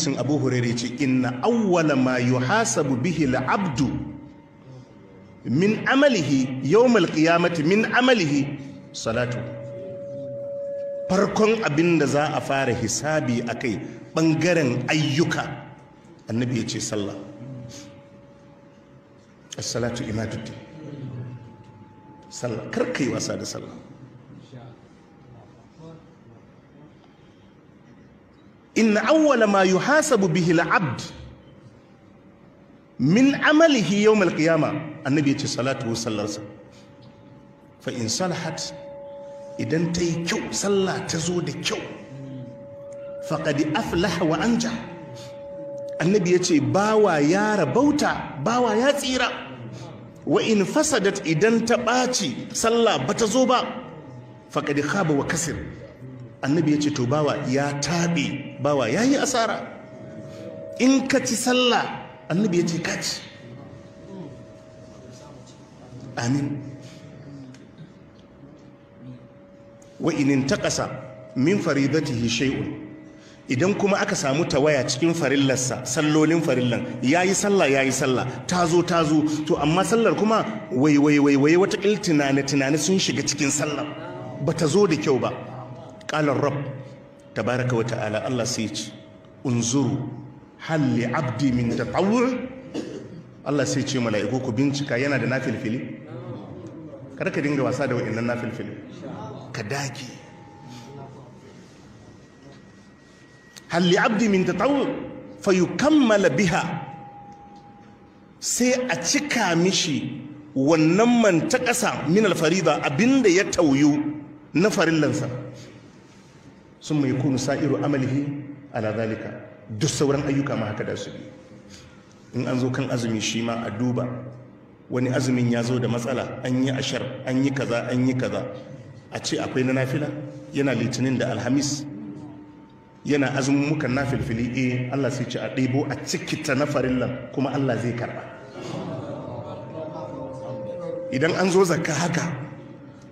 sun abu hurere ce inna awwala ma yuhasabu bihi al'abdu min amalihi yawmal qiyamati min amalihi salatu farkon abin da za a fara hisabi akai bangaren ayyuka annabi ya ce sallah as-salatu imaduddin sallah kar kai wasa da sallah In awwala ma yuhasabu bihi al-abd min amalihi yawm al-qiyama annabi yace salatu wa sallarsa fa in salahat idan tayi kyau sallah ta zo da kyau faqad aflaha wa anja annabi yace bawa ya rabauta bawa ya tsira wa in fasadat idan ta ɓaci sallah ba ta zo ba faqad khaba wa kasir annabi ya ce to bawa ya taɓe bawa ya yi asara in ka ci sallah annabi ya ce ka ci amin wa inin ta ƙasa min faridatihi shay'un idan kuma aka samu ta waya cikin farillarsa sallolin farillan ya yi sallah ya yi sallah ta zo ta zo to amma sallar kuma wai wai wai wata tunane tunane sun shiga cikin sallah, ba ta zo da kyau ba ƙalar rab tabaraka wa ta'ala Allah sai ci unzuru halli abdi min tatawwu Allah sai ce mala'iku ku bincika yana da nafilfili kada ka dinga wasa da wa'annan nafilfili ka dage halli abdi min tatawwu fa yukammala biha sai a cika mishi wannan man ta ƙasa min alfarida abinda ya tauyu na farillansa sun mai kunu sa'iru amalihi ala zalika duk sauran ayyuka ma haka da su bi in an zo kan azumi shi ma a duba wani azumin ya zo da matsala an yi ashar an yi kaza an yi kaza a ce akwai na nafila yana litinin da alhamis yana azumin muka na filfili eh Allah sai ce a ɗebo a cikita na farillan kuma Allah zai karɓa idan an zo zakka haka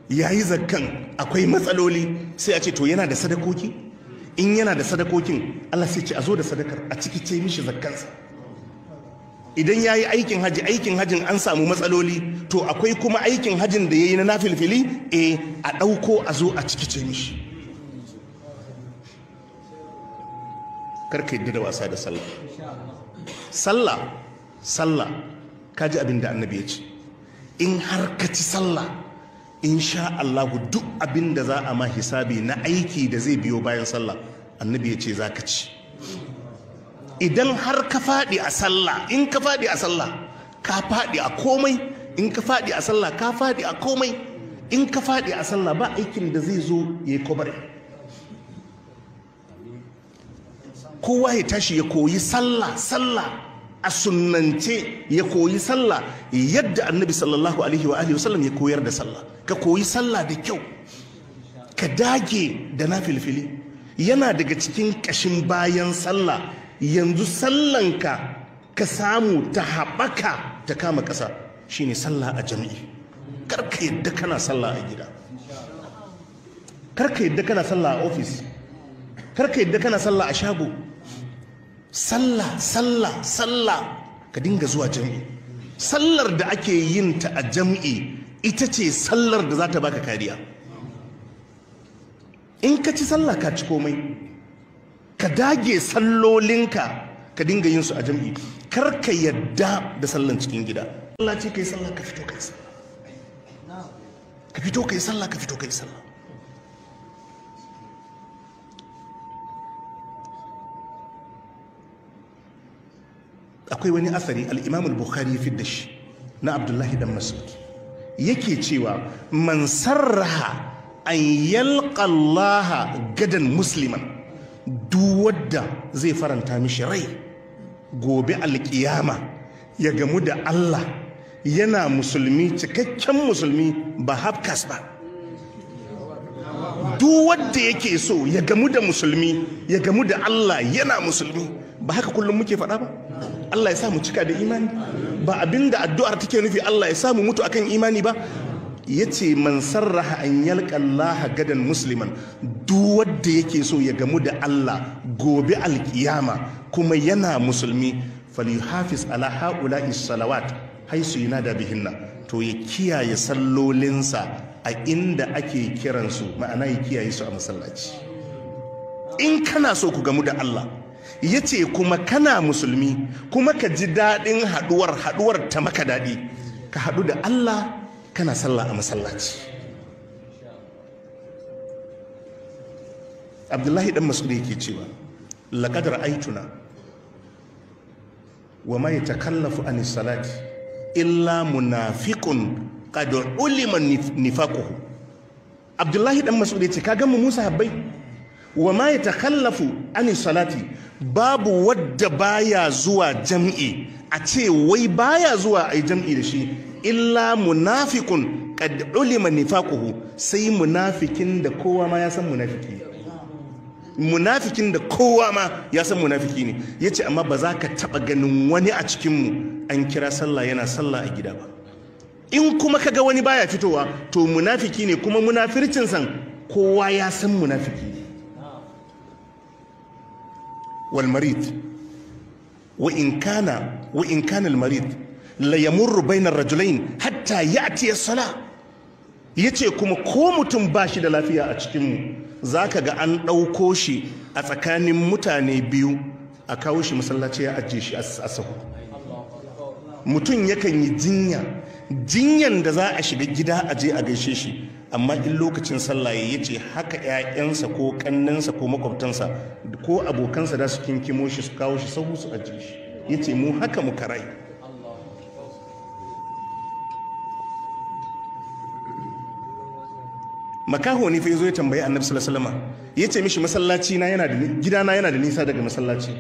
ya yi zakkan akwai matsaloli sai a ce to yana da sadakoki in yana da sadakokin Allah sai ce a zo da sadakar a ciki ce mishi zakkansa idan ya yi aikin haji aikin hajin an samu matsaloli to akwai kuma aikin hajin da ya yi na nafilfili e a ɗauko a zo a ciki ce mishi karka yadda da wasa da sallah sallah sallah kaji abin da annabi ya ce in har ka ci sallah insha Allahu duk abin da za a ma hisabi na aiki da zai biyo bayan sallah annabi ya ce za ka ci idan har ka faɗi a sallah in ka faɗi a sallah ka faɗi a komai in ka faɗi a sallah ka faɗi a komai in ka faɗi a sallah ba aikin da zai zo ya yi kwabar. kowa ya tashi ya koyi sallah sallah a sunnance ya koyi sallah yadda annabi sallallahu alaihi wa alihi wasallam ya koyar da sallah ka koyi sallah da kyau ka dage da na filfili yana daga cikin ƙashin bayan sallah yanzu sallanka ka samu ta haɓaka ta kama ƙasa shine sallah a jami'i karka yadda kana sallah a gida karka yadda kana sallah a ofis karka yadda kana sallah a shago sallah sallah sallah ka dinga zuwa jami'i sallar da ake yin ta a jami'i ita ce sallar da za ta baka kariya in ka ci sallah ka ci komai ka dage sallolinka ka dinga yin su a jam'i kar ka yadda da sallan cikin gida Allah ce yi sallah ka fito ka yi ka fito yi sallah ka fito yi sallah akwai wani asari al-Imam al-Bukhari ya fidda shi na Abdullahi dan Mas'ud yake cewa man sarraha an yalƙa Allah gadan musliman duwadda wadda zai faranta mishi rai gobe alƙiyama ya gamu da Allah yana musulmi cikakken musulmi ba hafkas ba duk wadda yake so ya gamu da musulmi ya gamu da Allah yana musulmi ba haka kullum muke faɗa ba Allah ya sa mu cika da imani ba abinda addu'ar take nufi Allah ya sa mu mutu akan imani ba yace man sarraha an yalqa Allah gadan musliman duk wanda yake so ya gamu da Allah gobe alkiyama kuma yana musulmi falyuhafiz ala haula'i salawat haisu yunada bihinna to ya kiyaye sallolinsa a inda ake kiransu ma'ana ya kiyaye su a masallaci in kana so ku gamu da Allah ya ce kuma kana musulmi kuma ka ji daɗin haɗuwar haɗuwar ta maka daɗi ka haɗu da Allah kana sallah a masallaci abdullahi ɗan masu yake cewa laƙadar aituna wa ma takallafu a salati illa munafiqun ƙadar ulima nifakuhu abdullahi ɗan masu ce ka gan mu musa habbai wa ma takallafu ani salati babu wadda baya zuwa jam'i a ce wai baya zuwa ayi jam'i da shi illa munafikun qad ulima nifaquhu sai munafikin da kowa ma ya san munafiki munafikin da kowa ma ya san munafiki ne yace amma ba za ka taba ganin wani a cikin mu an kira sallah yana sallah a gida ba in kuma ka ga wani baya fitowa to munafiki ne kuma munafircin san kowa ya san munafiki والمريض وإن كان وإن كان المريض ليمر بين الرجلين حتى يأتي الصلاة yace kuma ko mutum ba shi da lafiya a cikinmu zaka ga an ɗauko shi a tsakanin mutane biyu a kawo shi masallaci ya ajiye shi a sahu mutum yakan yi jinya jinyan da za a shiga gida aje a gaishe shi amma in lokacin sallah ya ce haka 'ya'yansa ko ƙannansa ko makwabtansa ko abokansa da su kinkimo shi su kawo shi sahu su ajiye shi ya ce mu haka mu karai makaho ne fa zo ya tambayi annabi sallallahu alaihi ya ce mishi masallaci na yana da gidana yana da nisa daga masallaci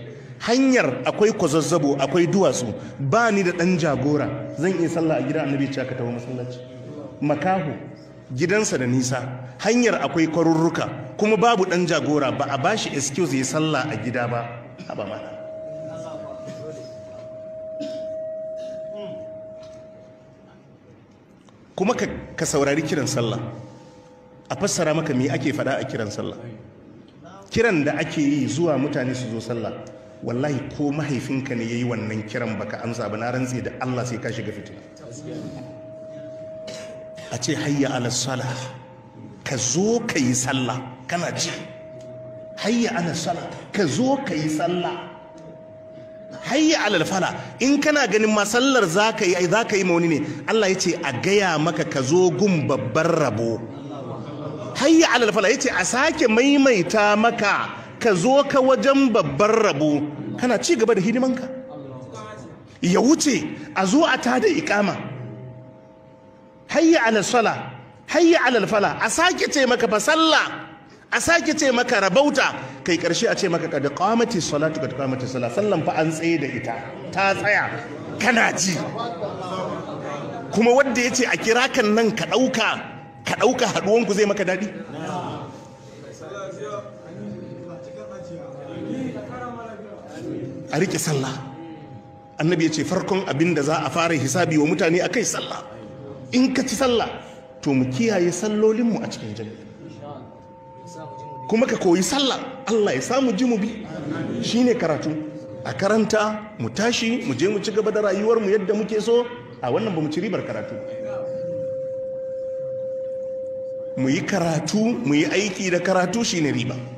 hanyar akwai kwazazzabo akwai duwatsu ba ni da dan jagora zan iya sallah a gidan annabi ya ce ka tawo masallaci makaho gidansa da nisa hanyar akwai kwarurruka kuma babu ɗan jagora ba a bashi excuse ya sallah a gida ba haba mana kuma ka saurari kiran sallah a fassara maka me ake faɗa a kiran sallah kiran da ake yi zuwa mutane su zo sallah wallahi ko mahaifinka ne ya yi wannan kiran baka amsa ba na rantse da Allah sai ka shiga fitina a ce hayya ala sala ka zo ka yi sallah kana ji hayya ala ka zo ka yi sallah hayya ala fala in kana ganin ma sallar za ka yi za ka yi mauni ne Allah ya ce a gaya maka ka zo gun babban rabo hayya ala fala ya ce a sake maimaita maka ka zo ka wajen babbar rabo kana ci gaba da hidimanka ya wuce a zo a tada ikama hayya ala sala hayya ala fala a sake ce maka fa sallah a sake ce maka rabauta kai karshe a ce maka kad qamati salatu kad qamati sala sallan fa an tsaye da ita ta tsaya kana ji kuma wanda yace a kira kan nan ka dauka ka dauka haduwan ku zai maka dadi a rike sallah annabi ya ce farkon abin da za a fara hisabi wa mutane a kai sallah in ka ci sallah to mu kiyaye sallolinmu a cikin jami'i kuma ka koyi sallah Allah ya samu ji mu bi shine karatu a karanta mu tashi mu je mu ci gaba da rayuwar mu yadda muke so a wannan ba mu ci ribar karatu mu yi karatu mu yi aiki da karatu shine riba